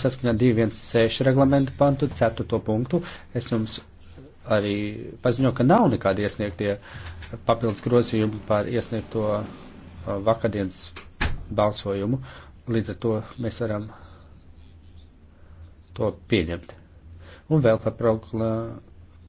saskaņā 216 reglamentu pantu 4. punktu. Es jums arī paziņoju, ka nav nekādi iesniegtie papildus grozījumi par iesniegto uh, vakardienas balsojumu. Līdz ar to mēs varam to pieņemt. Un vēl par progla